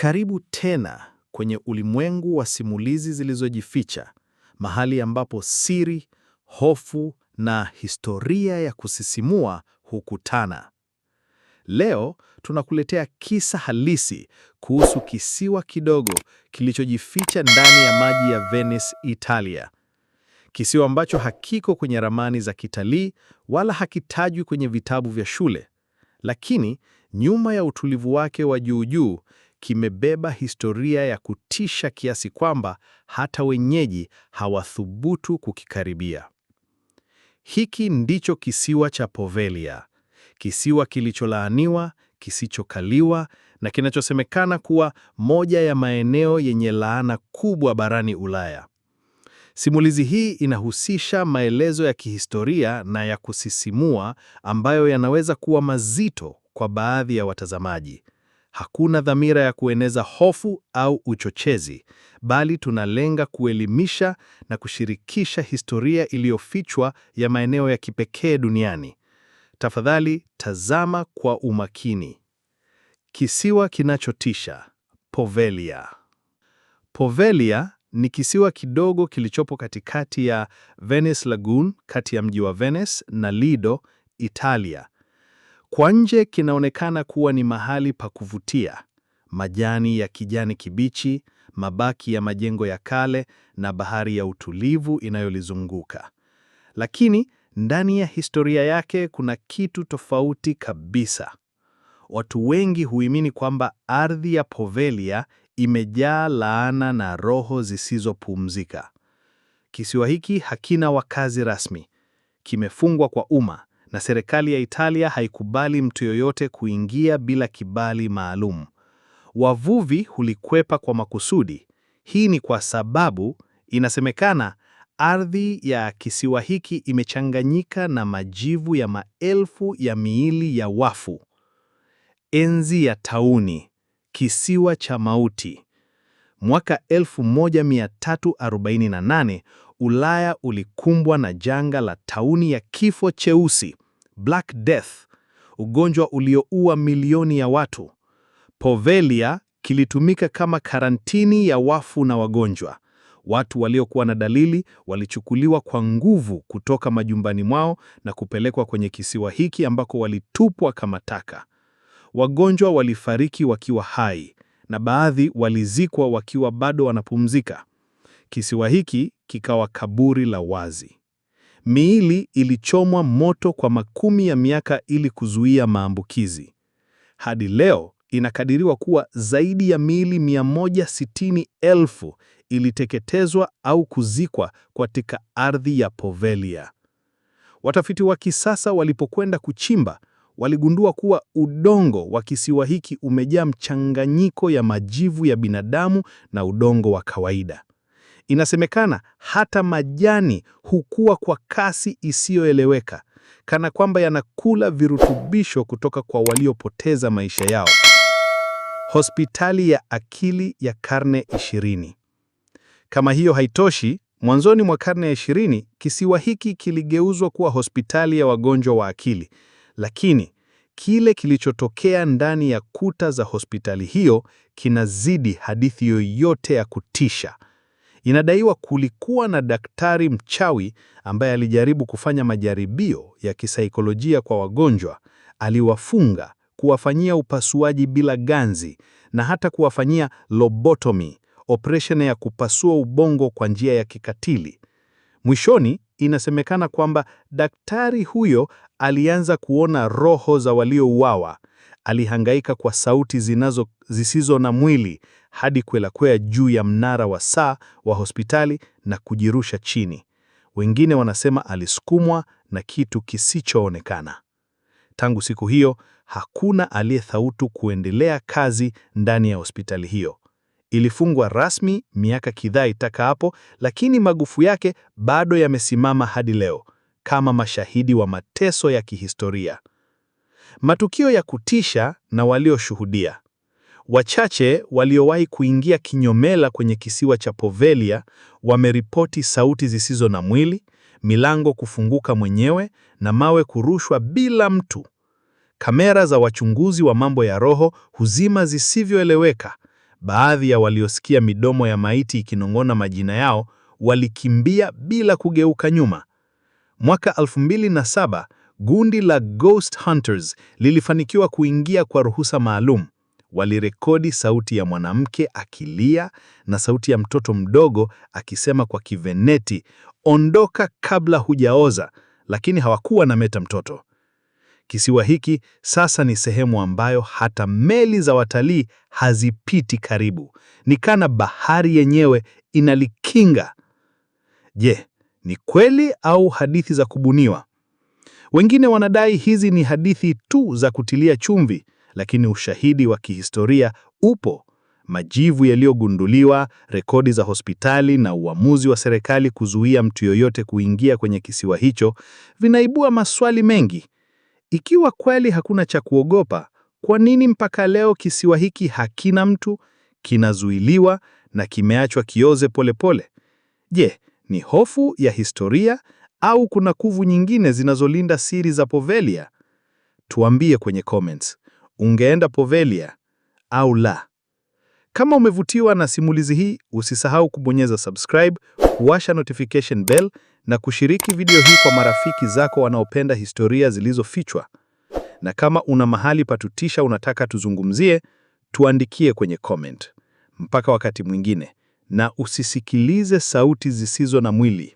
Karibu tena kwenye ulimwengu wa simulizi zilizojificha, mahali ambapo siri, hofu na historia ya kusisimua hukutana. Leo tunakuletea kisa halisi kuhusu kisiwa kidogo kilichojificha ndani ya maji ya Venice, Italia. Kisiwa ambacho hakiko kwenye ramani za kitalii wala hakitajwi kwenye vitabu vya shule, lakini nyuma ya utulivu wake wa juu juu kimebeba historia ya kutisha kiasi kwamba hata wenyeji hawathubutu kukikaribia. Hiki ndicho kisiwa cha Povelia, kisiwa kilicholaaniwa, kisichokaliwa na kinachosemekana kuwa moja ya maeneo yenye laana kubwa barani Ulaya. Simulizi hii inahusisha maelezo ya kihistoria na ya kusisimua ambayo yanaweza kuwa mazito kwa baadhi ya watazamaji. Hakuna dhamira ya kueneza hofu au uchochezi, bali tunalenga kuelimisha na kushirikisha historia iliyofichwa ya maeneo ya kipekee duniani. Tafadhali tazama kwa umakini. Kisiwa kinachotisha, Povelia. Povelia ni kisiwa kidogo kilichopo katikati ya Venice Lagoon, kati ya mji wa Venice na Lido, Italia, kwa nje kinaonekana kuwa ni mahali pa kuvutia, majani ya kijani kibichi, mabaki ya majengo ya kale na bahari ya utulivu inayolizunguka. Lakini ndani ya historia yake kuna kitu tofauti kabisa. Watu wengi huimini kwamba ardhi ya Povelia imejaa laana na roho zisizopumzika. Kisiwa hiki hakina wakazi rasmi, kimefungwa kwa umma na serikali ya Italia haikubali mtu yoyote kuingia bila kibali maalum. Wavuvi hulikwepa kwa makusudi. Hii ni kwa sababu inasemekana ardhi ya kisiwa hiki imechanganyika na majivu ya maelfu ya miili ya wafu. Enzi ya tauni, kisiwa cha mauti. Mwaka 1348 Ulaya ulikumbwa na janga la tauni ya kifo cheusi, Black Death, ugonjwa ulioua milioni ya watu. Povelia kilitumika kama karantini ya wafu na wagonjwa. Watu waliokuwa na dalili walichukuliwa kwa nguvu kutoka majumbani mwao na kupelekwa kwenye kisiwa hiki ambako walitupwa kama taka. Wagonjwa walifariki wakiwa hai na baadhi walizikwa wakiwa bado wanapumzika. Kisiwa hiki kikawa kaburi la wazi. Miili ilichomwa moto kwa makumi ya miaka ili kuzuia maambukizi. Hadi leo inakadiriwa kuwa zaidi ya miili 160,000 iliteketezwa au kuzikwa katika ardhi ya Povelia. Watafiti wa kisasa walipokwenda kuchimba, waligundua kuwa udongo wa kisiwa hiki umejaa mchanganyiko ya majivu ya binadamu na udongo wa kawaida. Inasemekana hata majani hukua kwa kasi isiyoeleweka, kana kwamba yanakula virutubisho kutoka kwa waliopoteza maisha yao. Hospitali ya akili ya karne 20. Kama hiyo haitoshi, mwanzoni mwa karne ya 20 kisiwa hiki kiligeuzwa kuwa hospitali ya wagonjwa wa akili, lakini kile kilichotokea ndani ya kuta za hospitali hiyo kinazidi hadithi yoyote ya kutisha. Inadaiwa kulikuwa na daktari mchawi ambaye alijaribu kufanya majaribio ya kisaikolojia kwa wagonjwa. Aliwafunga, kuwafanyia upasuaji bila ganzi na hata kuwafanyia lobotomy, operation ya kupasua ubongo kwa njia ya kikatili. Mwishoni, inasemekana kwamba daktari huyo alianza kuona roho za waliouawa alihangaika kwa sauti zinazo zisizo na mwili hadi kwelakwea juu ya mnara wa saa wa hospitali na kujirusha chini. Wengine wanasema alisukumwa na kitu kisichoonekana. Tangu siku hiyo hakuna aliyethautu kuendelea kazi ndani ya hospitali hiyo. Ilifungwa rasmi miaka kidhaa itaka hapo, lakini magofu yake bado yamesimama hadi leo kama mashahidi wa mateso ya kihistoria matukio ya kutisha na walioshuhudia. Wachache waliowahi kuingia kinyomela kwenye kisiwa cha Povelia wameripoti sauti zisizo na mwili, milango kufunguka mwenyewe na mawe kurushwa bila mtu. Kamera za wachunguzi wa mambo ya roho huzima zisivyoeleweka. Baadhi ya waliosikia midomo ya maiti ikinong'ona majina yao walikimbia bila kugeuka nyuma. Mwaka 2007 Gundi la Ghost Hunters lilifanikiwa kuingia kwa ruhusa maalum. Walirekodi sauti ya mwanamke akilia na sauti ya mtoto mdogo akisema kwa Kiveneti, ondoka kabla hujaoza, lakini hawakuwa na meta mtoto. Kisiwa hiki sasa ni sehemu ambayo hata meli za watalii hazipiti karibu. Ni kana bahari yenyewe inalikinga. Je, ni kweli au hadithi za kubuniwa? Wengine wanadai hizi ni hadithi tu za kutilia chumvi, lakini ushahidi wa kihistoria upo. Majivu yaliyogunduliwa, rekodi za hospitali na uamuzi wa serikali kuzuia mtu yoyote kuingia kwenye kisiwa hicho vinaibua maswali mengi. Ikiwa kweli hakuna cha kuogopa, kwa nini mpaka leo kisiwa hiki hakina mtu, kinazuiliwa na kimeachwa kioze polepole Je, ni hofu ya historia au kuna kuvu nyingine zinazolinda siri za Povelia? Tuambie kwenye comments. Ungeenda Povelia au la? Kama umevutiwa na simulizi hii, usisahau kubonyeza subscribe, kuwasha notification bell na kushiriki video hii kwa marafiki zako wanaopenda historia zilizofichwa. Na kama una mahali patutisha unataka tuzungumzie, tuandikie kwenye comment. Mpaka wakati mwingine, na usisikilize sauti zisizo na mwili.